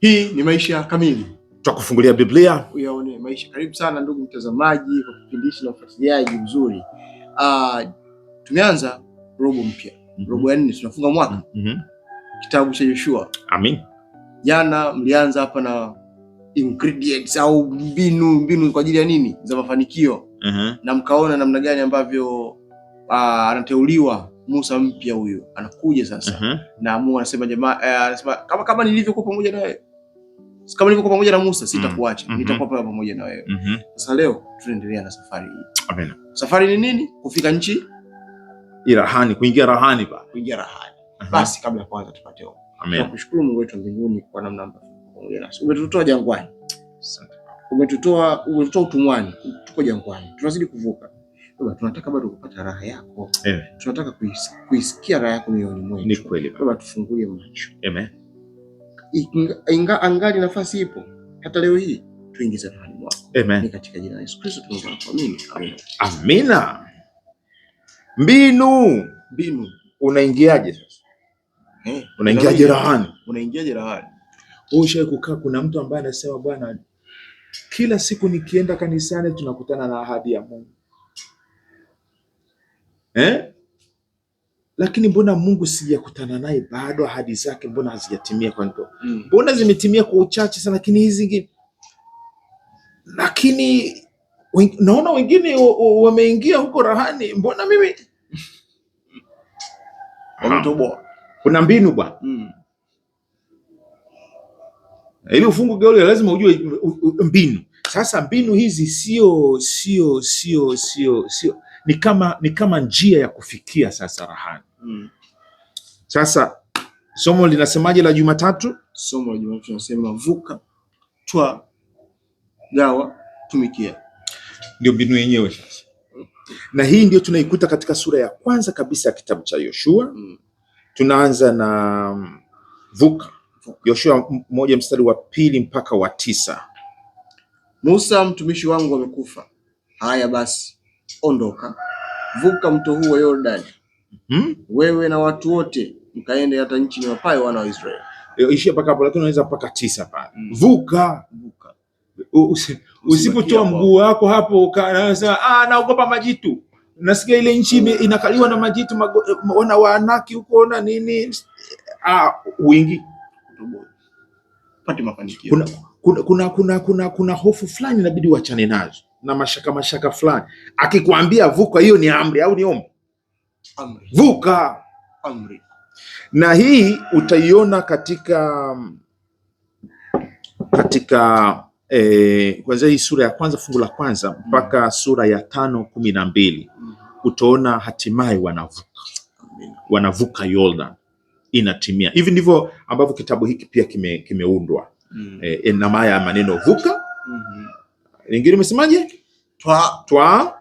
Hii ni Maisha Kamili, tutakufungulia Biblia uyaone maisha. Karibu sana ndugu mtazamaji kwa kipindi hiki na ufuatiliaji mzuri. Uh, tumeanza robo mpya mm -hmm. robo ya nne tunafunga mwaka mm -hmm. kitabu cha Yoshua. Amin. Jana mlianza hapa na ingredients au mbinu mbinu kwa ajili ya nini za mafanikio mm -hmm. na mkaona namna gani ambavyo uh, anateuliwa Musa mpya huyu anakuja sasa mm -hmm. na Mungu anasema jamaa, eh, anasema kama, kama nilivyokuwa pamoja naye kama nilivyokuwa pamoja na Musa mm-hmm. sitakuacha, mm -hmm. nitakuwa pale pamoja na wewe. Mm-hmm. Sasa mm -hmm. leo tunaendelea na safari hii. Amina. Safari ni nini? Kufika nchi irahani, kuingia rahani ba, kuingia rahani. Uh mm-hmm. -huh. Basi kabla ya kwanza tupate ombi. Amina. Tunakushukuru Mungu wetu mbinguni kwa namna ambavyo Umetutoa jangwani. Asante. Umetutoa, umetutoa utumwani, tuko jangwani. Tunazidi kuvuka. Baba, tunataka bado kupata raha yako. Amen. Tunataka kuisikia raha yako mioyoni mwetu. Ni kweli. Baba, tufungulie macho. Amen inga angali nafasi ipo hata leo hii, tuingize rohoni mwako. Amen. katika jina la Yesu Kristo tunaomba kwa mimi. Amen. Amina. Mbinu, mbinu. Unaingiaje sasa? Eh, unaingiaje rohoni? Unaingiaje rohoni? Ushawahi kukaa, kuna mtu ambaye anasema bwana, kila siku nikienda kanisani tunakutana na ahadi ya Mungu eh? lakini mbona Mungu sijakutana naye bado? Ahadi zake mbona hazijatimia kwangu? Mm. Mbona zimetimia kwa uchache sana, lakini hizi zingine lakini naona wengine wameingia huko rahani, mbona mimi wametoboa. Ah. Kuna mbinu bwana, mm. ili ufungu goli lazima ujue mbinu. Sasa mbinu hizi sio sio sio sio sio ni kama, ni kama njia ya kufikia sasa rahani. Mm. Sasa somo linasemaje la Jumatatu? Somo la Jumatatu linasema vuka, twa, gawa, tumikia. Ndio mbinu yenyewe sasa, na hii ndio tunaikuta katika sura ya kwanza kabisa ya kitabu cha Yoshua. Mm. Tunaanza na mm, vuka, Yoshua moja mstari wa pili mpaka wa tisa. Musa mtumishi wangu amekufa, haya basi ondoka, vuka mto huu wa Yordani hmm? wewe na watu wote mkaende hata nchi wapayo wana wa Israeli. Ishia mpaka hapo, lakini unaweza paka tisa pale hmm. vuka, vuka. Usipotoa mguu wako hapo, ah, naogopa majitu, nasikia ile nchi inakaliwa na majitu mago, ona waanaki huko ona nini ah, wingi kuna, kuna, kuna, kuna, kuna, kuna hofu fulani inabidi wachane nazo na mashaka mashaka fulani, akikwambia vuka, hiyo ni amri au ni ombi? Amri. Vuka amri. Na hii utaiona katika katika eh, kwanzia hii sura ya kwanza fungu la kwanza mm. mpaka mm. sura ya tano kumi na mbili mm. utaona hatimaye wanavuka wanavuka Yordan inatimia. Hivi ndivyo ambavyo kitabu hiki pia kimeundwa kime mm. eh, na maya ya maneno vuka lingine umesemaje? Twa, twa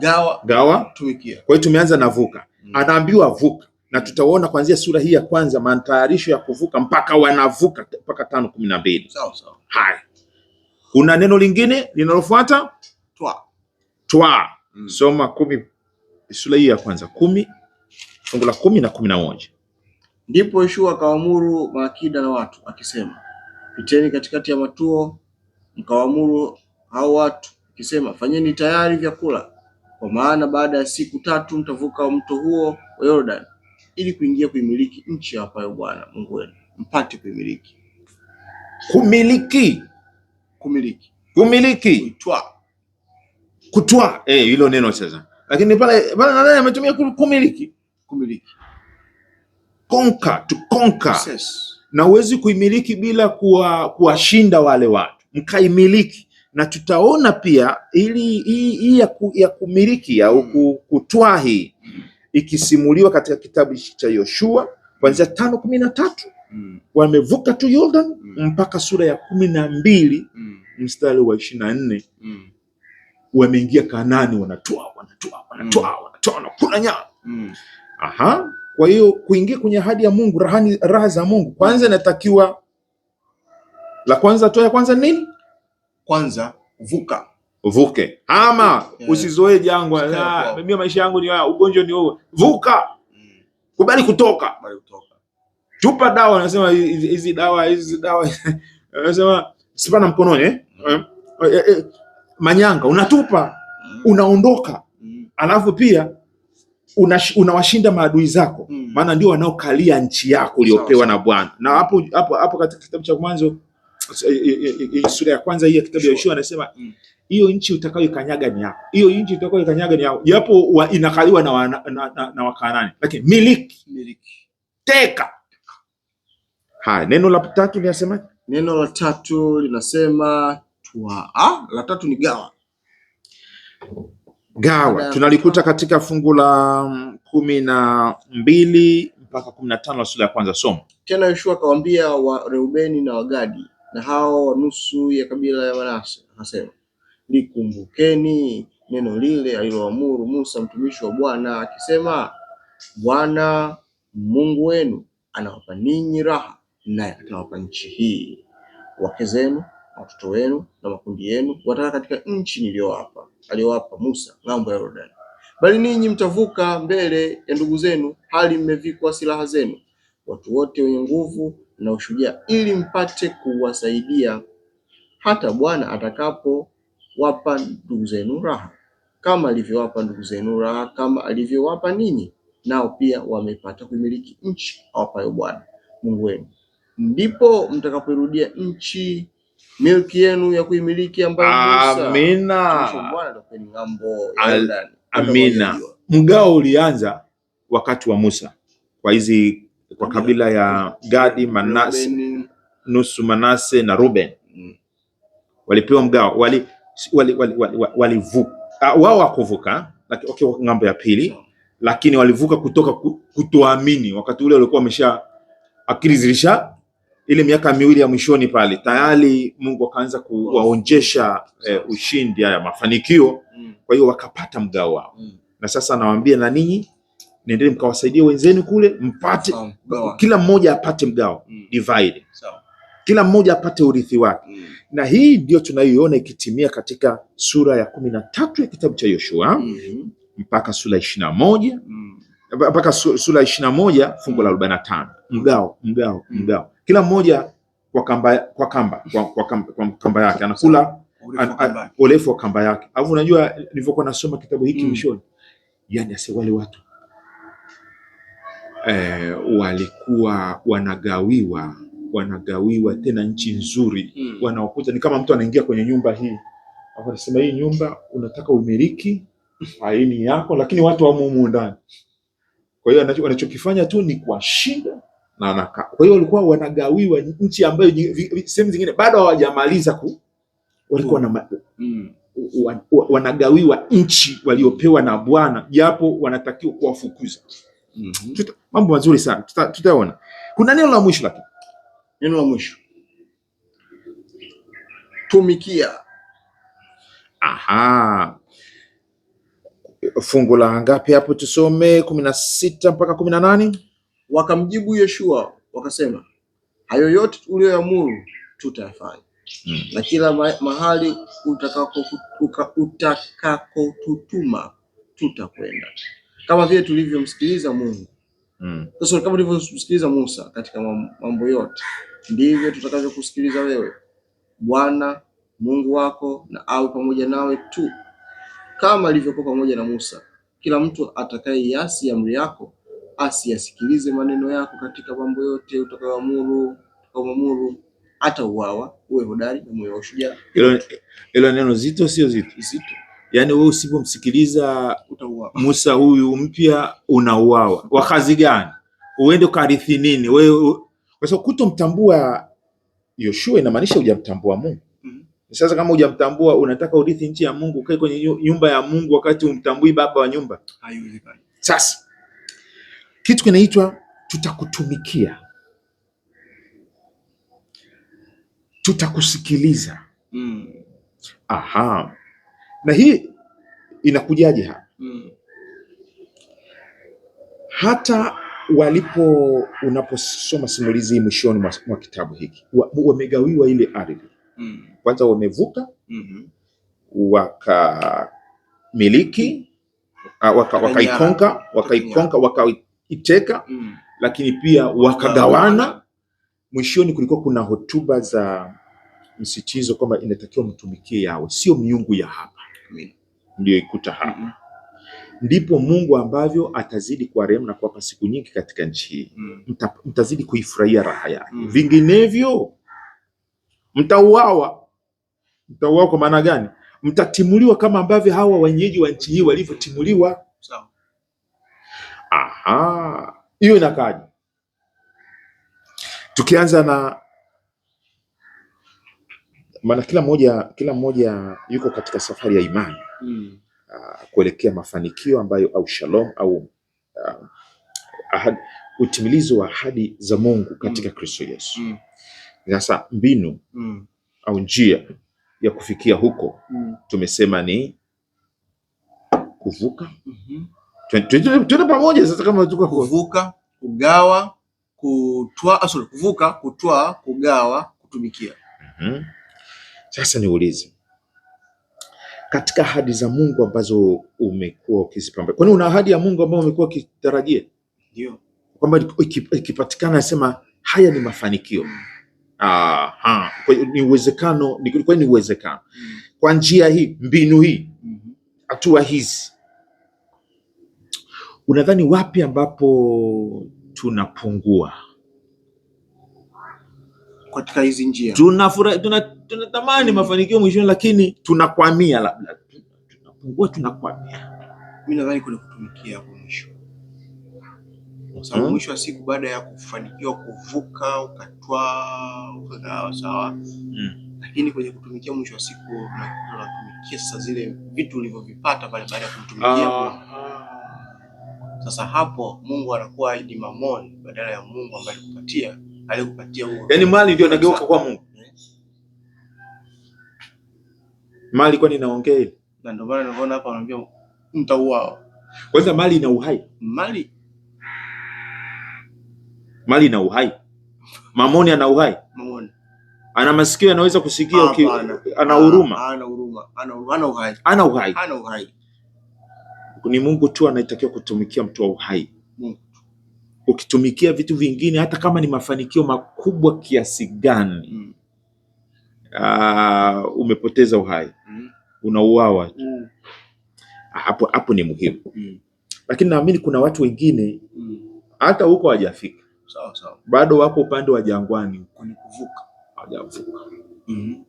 gawa, gawa tuikia. Kwa hiyo tumeanza na vuka, mm. anaambiwa vuka na tutaona kuanzia sura hii ya kwanza matayarisho ya kuvuka mpaka wanavuka mpaka tano kumi na mbili. Sawa sawa. Haya, kuna neno lingine linalofuata twa, twa. Mm. Soma kumi, sura hii ya kwanza kumi fungu la kumi na kumi na moja. Ndipo Yoshua akawaamuru maakida na watu akisema, piteni katikati ya matuo mkawaamuru hao watu ukisema fanyeni tayari vyakula, kwa maana baada ya siku tatu mtavuka mto huo wa Yordani ili kuingia kuimiliki nchi ambayo Bwana Mungu wenu mpate kuimiliki. Kumiliki, kumiliki, kumiliki, kutwa, kutwa, eh, hilo neno sasa. Lakini pale pale nani ametumia kumiliki? Kumiliki, conquer, to conquer. Na uwezi kuimiliki bila kuwashinda kuwa wale watu, mkaimiliki na tutaona pia ili hii ya, ku, ya kumiliki au kutwahi ikisimuliwa katika kitabu cha Yoshua kuanzia tano kumi na tatu mm. wamevuka tu Jordan mm. mpaka sura ya kumi na mbili mm. mstari wa ishirini na nne mm. wameingia Kanaani, wanatoa wanatwaa wanatwaa wanatwaa mm. wanakula nyama mm. aha. Kwa hiyo kuingia kwenye ahadi ya Mungu, raha za Mungu kwanza inatakiwa, la kwanza toa ya kwanza nini? kwanza vuka uvuke, ama eh. usizoee jangwa. Ah, mimi maisha yangu ni haya, ugonjwa ni huo, vuka mm. kubali kutoka, kubali kutoka, chupa dawa. Anasema hizi dawa hizi dawa anasema sipana mkononi eh? mm. Eh, eh, manyanga unatupa mm. unaondoka mm. alafu pia unawashinda una maadui zako mm. maana mm. ndio wanaokalia nchi yako uliyopewa na Bwana na hapo hapo hapo katika kitabu cha Mwanzo sura ya kwanza hii ya kitabu ya Yoshua anasema mm, hiyo nchi utakayoikanyaga ni yako, hiyo nchi utakayoikanyaga ni yako, japo inakaliwa na, na, na, na Wakanaani, lakini miliki, miliki, teka. Haya, neno la tatu linasema, neno la tatu linasema twa, ah, la tatu ni gawa. Gawa tunalikuta katika fungu la mm, kumi na mbili mpaka kumi na tano la sura ya kwanza. Somo tena Yoshua akawaambia Wareubeni na Wagadi na hao nusu ya kabila ya Manase, akasema likumbukeni neno lile aliloamuru Musa mtumishi wa Bwana akisema, Bwana Mungu wenu anawapa ninyi raha, naye atawapa nchi hii, wake zenu watoto wenu na makundi yenu wataka katika nchi niliyowapa aliyowapa Musa ng'ambo ya Yordani. Bali ninyi mtavuka mbele ya ndugu zenu, hali mmevikwa silaha zenu. Watu wote wenye nguvu na ushujaa ili mpate kuwasaidia hata Bwana atakapowapa ndugu zenu raha, kama alivyowapa ndugu zenu raha, kama alivyowapa ninyi, nao pia wamepata kumiliki nchi awapayo Bwana Mungu wenu. Ndipo mtakapoirudia nchi milki yenu ya kuimiliki, ambayo Amina. Bwana ng'ambo Amina. Mgao ulianza wakati wa Musa kwa hizi kwa kabila ya Gadi, Manase, nusu Manase na Ruben mm. walipewa mgao wali wali wali, wali, wali ah, wao wakuvuka okay, ng'ambo ya pili, lakini walivuka kutoka kutoamini. Wakati ule walikuwa wamesha akili zilisha ile miaka miwili ya mwishoni pale tayari Mungu akaanza kuwaonjesha eh, ushindi haya mafanikio. Mm. Kwa hiyo wakapata mgao wao, mm. na sasa nawaambia na ninyi nendeni mkawasaidie wenzenu kule, mpate Sao, kila mmoja apate mgao mm. divide Sao. kila mmoja apate urithi wake mm. na hii ndio tunayoiona ikitimia katika sura ya kumi na tatu ya kitabu cha Yoshua mm -hmm. mpaka sura ishirini na moja mm. mpaka sura ishirini na moja fungu la mm. arobaini na tano mgao mgao mm. mgao, kila mmoja kwa kamba kwa kamba kwa, kwa kamba, kwa kamba yake anakula urefu wa kamba yake. Alafu unajua nilivyokuwa nasoma kitabu hiki mm. mwishoni mm. yani ase wale watu eh, walikuwa wanagawiwa wanagawiwa tena nchi nzuri mm. Wanaokuja ni kama mtu anaingia kwenye nyumba hii, anasema hii nyumba unataka umiliki, haini yako, lakini watu wamo humu ndani. Kwa hiyo wanachokifanya tu ni shida na wanakaa. Kwa hiyo walikuwa wanagawiwa nchi ambayo sehemu zingine bado hawajamaliza ku walikuwa mm. mm. wanagawiwa nchi waliopewa na Bwana, japo wanatakiwa kuwafukuza -hmm. mambo mazuri sana tutaona. kuna neno la mwisho, lakini neno la mwisho tumikia. Aha, fungu la ngapi hapo? Tusome kumi na sita mpaka kumi na nane. Wakamjibu Yeshua wakasema, hayo yote uliyoamuru tutayafanya Hmm. Na kila mahali utakakotutuma tutuma tutakwenda kama vile tulivyomsikiliza Mungu. Mm. Sasa mm. kama ulivyomsikiliza Musa katika mambo yote, ndivyo tutakavyokusikiliza wewe. Bwana Mungu wako na au pamoja nawe tu kama alivyokuwa pamoja na Musa. Kila mtu atakaye ya amri yako asiyasikilize maneno yako katika mambo yote utakayoamuru utakayoamuru, hata uawa, uwe hodari na moyo wa ushujaa. Hilo neno zito, sio zito zito yani wewe usipomsikiliza Musa huyu mpya unauawa. Wa kazi gani? Uende ukarithi nini? Wewe kwa sababu kutomtambua Yoshua inamaanisha hujamtambua Mungu. Mm-hmm. Sasa kama hujamtambua unataka urithi nchi ya Mungu, ukae kwenye nyumba ya Mungu wakati umtambui baba wa nyumba? Haiwezekani. Sasa kitu kinaitwa tutakutumikia, tutakusikiliza. Mm. Aha na hii inakujaje hapa? mm. hata walipo unaposoma simulizi mwishoni mwa kitabu hiki wamegawiwa ile ardhi mm. Kwanza wamevuka mm -hmm. wakamiliki ah, waka, wakaikonka wakaiteka mm. lakini pia wakagawana. Mwishoni kulikuwa kuna hotuba za msitizo kwamba inatakiwa mtumikie Yawe, sio miungu ya hapa mliyoikuta hapa mm -hmm. ndipo Mungu ambavyo atazidi rehema na kuwapa siku nyingi katika nchi hii mm -hmm. mtazidi kuifurahia raha yake mm -hmm. vinginevyo mtauawa. Mtauawa kwa maana gani? Mtatimuliwa kama ambavyo hawa wenyeji wa nchi hii walivyotimuliwa. Sawa. Aha, hiyo inakaje? Tukianza na maana kila mmoja kila mmoja yuko katika safari ya imani mm. uh, kuelekea mafanikio ambayo au shalom au uh, ah, ahad, utimilizo wa ahadi za Mungu katika mm. Kristo Yesu mm. Sasa mbinu mm. au njia ya kufikia huko mm. tumesema ni kuvuka mm -hmm. Tuende pamoja sasa, kama tuko kuvuka, kugawa, kutwa, ah, sorry, kuvuka, kutwa, kugawa, kutumikia mm -hmm. Sasa niulize, katika ahadi za Mungu ambazo umekuwa ukizipambania, kwani una ahadi ya Mungu ambayo umekuwa ukitarajia? Ndio, kwamba ikipatikana sema haya ni mafanikio. Mm. Aha, ni uwezekano, ni ni uwezekano mm. kwa njia hii, mbinu hii, mm-hmm. hatua hizi. Unadhani wapi ambapo tunapungua katika hizi njia? Tunafurahi tuna tunatamani mafanikio mwishoni, lakini tunakwamia, labda tunapungua, tunakwamia. Mimi nadhani kuna kutumikia hapo mwisho, kwa sababu hmm? mwisho wa siku baada ya kufanikiwa kuvuka, ukatwa, ukagawa, sawa mm. lakini kwenye kutumikia mwisho wa siku unatumikia sasa zile vitu ulivyovipata pale baada ya kumtumikia ah. sasa hapo Mungu anakuwa ni mamoni badala ya Mungu ambaye alikupatia alikupatia yani mali ndio inageuka kwa Mungu. Mali kwani inaongea hili? Na ndio maana ninaona hapa anaambia mtauao. Kwanza mali ina uhai. Mali mali ina uhai. Mamoni ana uhai. Mamoni. Ana masikio anaweza kusikia uki, ana ah, huruma. Ana huruma. Ana ana uhai. Ana uhai. Ana uhai. Ni Mungu tu anayetakiwa kutumikia mtu wa uhai. Mungu. Ukitumikia vitu vingine hata kama ni mafanikio makubwa kiasi gani, mm. Uh, umepoteza uhai unauawa mm. hapo hapo ni muhimu mm. Lakini naamini kuna watu wengine mm. hata mm. huko hawajafika sawa sawa, bado wako upande wa jangwani, kwenye kuvuka hawajavuka mm-hmm.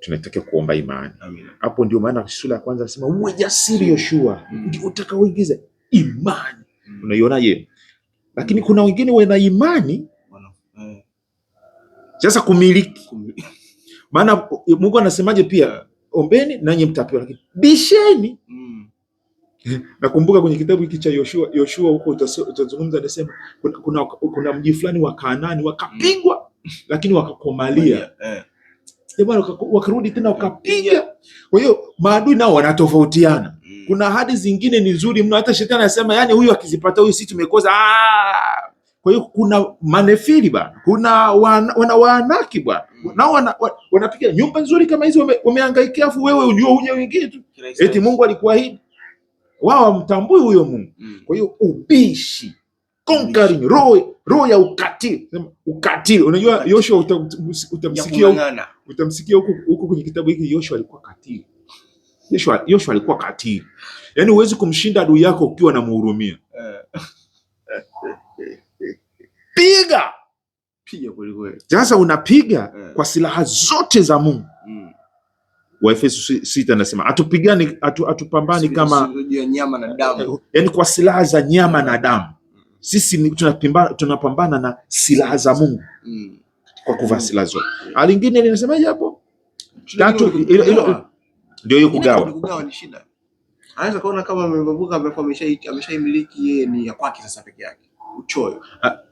Tunatakiwa kuomba imani hapo. Ndio maana sura ya kwanza anasema uwe jasiri Yoshua, mm. ndio utakaoingiza imani mm. unaionaje? Lakini mm. kuna wengine wana imani eh. sasa kumiliki, maana Mungu anasemaje pia ombeni nanyi mtapewa, lakini bisheni. Mm. Eh, nakumbuka kwenye kitabu hiki cha Yoshua, Yoshua huko utazungumza, anasema kuna, kuna, kuna mji fulani wa Kanaani wakapigwa, mm. lakini wakakomalia eh. Jamani, wakarudi tena wakapiga. Kwa hiyo maadui nao wanatofautiana. Mm. Kuna ahadi zingine ni nzuri mno, hata shetani anasema, yani huyu akizipata huyu, si tumekosa. Ah! Kwa hiyo kuna manefili bwana, kuna wana, wana waanaki bwana mm. nao wanapiga wana, wana nyumba nzuri kama hizi wamehangaikia, afu wewe unjua unye wengine tu eti Mungu alikuahidi, wao wamtambui huyo Mungu mm. Kwa hiyo ubishi conquering roho roho ya ukatili, ukatili. Unajua Yoshua utamsikia utamsikia huko huko kwenye kitabu hiki, Yoshua alikuwa katili. Yoshua Yoshua alikuwa katili, yaani huwezi kumshinda adui yako ukiwa namhurumia eh. piga piga kweli kweli. Sasa unapiga yeah, kwa silaha zote za Mungu mm. Waefeso sita anasema atupigani atu, atupambani kama nyama na damu, eh, yani kwa silaha za nyama na damu mm. Sisi tunapambana, tunapambana na silaha za Mungu mm. Kwa kuvaa silaha zote mm. alingine linasemaje hapo? Tatu ndio hiyo kugawa anaweza kuona kama amekuwa ameshaimiliki yeye ni ya kwake sasa peke yake uchoyo.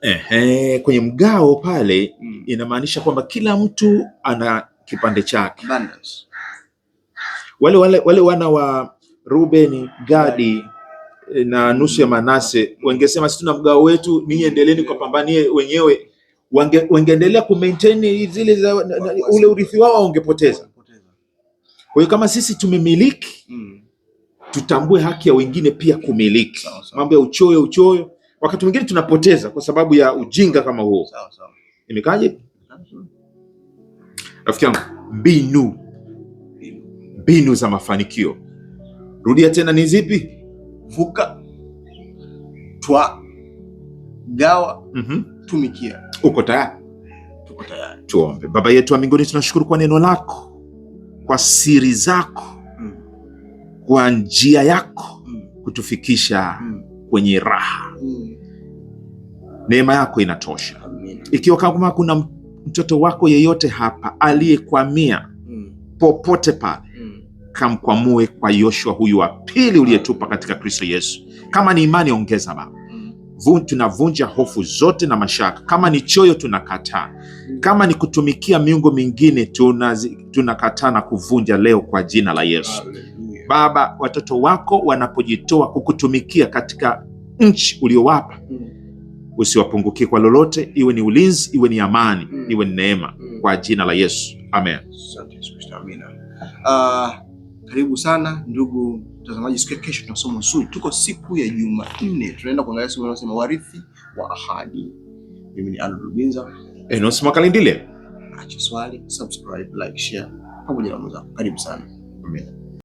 Eh, eh, kwenye mgao pale mm. Inamaanisha kwamba kila mtu ana kipande chake. Wale, wale, wale wana wa Rubeni, Gadi na nusu ya Manase wangesema sisi tuna mgao wetu, ninyi endeleeni kwa pambanie wenyewe. Wange, wangeendelea ku maintain zile za ule urithi wao wangepoteza. Kwa hiyo kama sisi tumemiliki mm. tutambue haki ya wengine pia kumiliki. Mambo ya uchoyo uchoyo wakati mwingine tunapoteza kwa sababu ya ujinga kama huo. Sawa sawa. Imekaje? Rafiki yangu, mbinu mbinu za mafanikio, rudia tena, ni zipi? Vuka, twa, gawa, mm -hmm. Tumikia. Uko tayari? Tuko tayari. Tuombe. Baba yetu wa mbinguni, tunashukuru kwa neno lako, kwa siri zako, mm. kwa njia yako, mm. kutufikisha, mm. kwenye raha Neema yako inatosha. Ikiwa kama kuna mtoto wako yeyote hapa aliyekwamia mm. popote pale, mm. kamkwamue kwa Yoshua huyu wa pili uliyetupa katika Kristo Yesu. Kama ni imani, ongeza Baba. Mm. Tunavunja hofu zote na mashaka. Kama ni choyo, tunakataa. Kama ni kutumikia miungu mingine, tunakataa na kuvunja leo kwa jina la Yesu. Baba, watoto wako wanapojitoa kukutumikia katika nchi uliowapa mm. usiwapungukie kwa lolote, iwe ni ulinzi, iwe ni amani mm. iwe ni neema mm. kwa jina la Yesu amen. Uh, karibu sana ndugu mtazamaji, siku ya kesho tuna somo zuri, tuko siku ya Jumanne, tunaenda kuangalia somo linalosema warithi wa ahadi. Mimi ni Andrew Rubinza, Enos Makalindile. Acha swali, subscribe, like, share pamoja na mwenzako. Karibu sana Amina.